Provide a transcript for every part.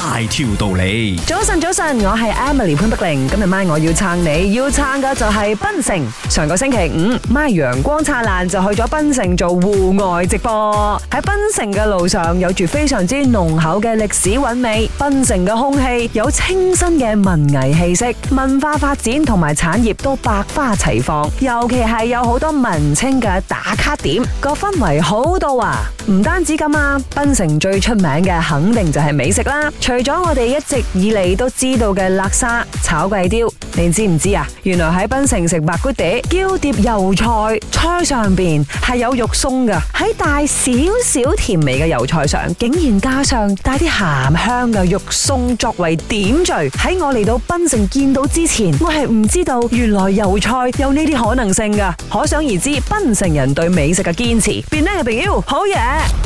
大條道理。早晨，早晨，我係 Emily 潘碧玲。今日晚我要撐你，要撐嘅就係檳城。上個星期五 m 陽光燦爛就去咗檳城做戶外直播。喺檳城嘅路上，有住非常之濃厚嘅歷史韻味。檳城嘅空氣有清新嘅文藝氣息，文化發展同埋產業都百花齊放。尤其係有好多文青嘅打卡點，個氛圍好到啊！唔單止咁啊，檳城最出名嘅肯定就係美食啦。除咗我哋一直以嚟都知道嘅辣沙炒貴刁。你知唔知啊？原來喺檳城食白骨碟叫碟油菜，菜上邊係有肉鬆噶。喺帶少少甜味嘅油菜上，竟然加上帶啲鹹香嘅肉鬆作為點綴。喺我嚟到檳城見到之前，我係唔知道原來油菜有呢啲可能性噶。可想而知，檳城人對美食嘅堅持。Be nice to you，好嘢。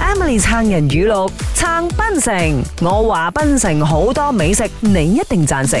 Emily 撐人語錄，撐檳城，我話檳城好多美食，你一定贊成。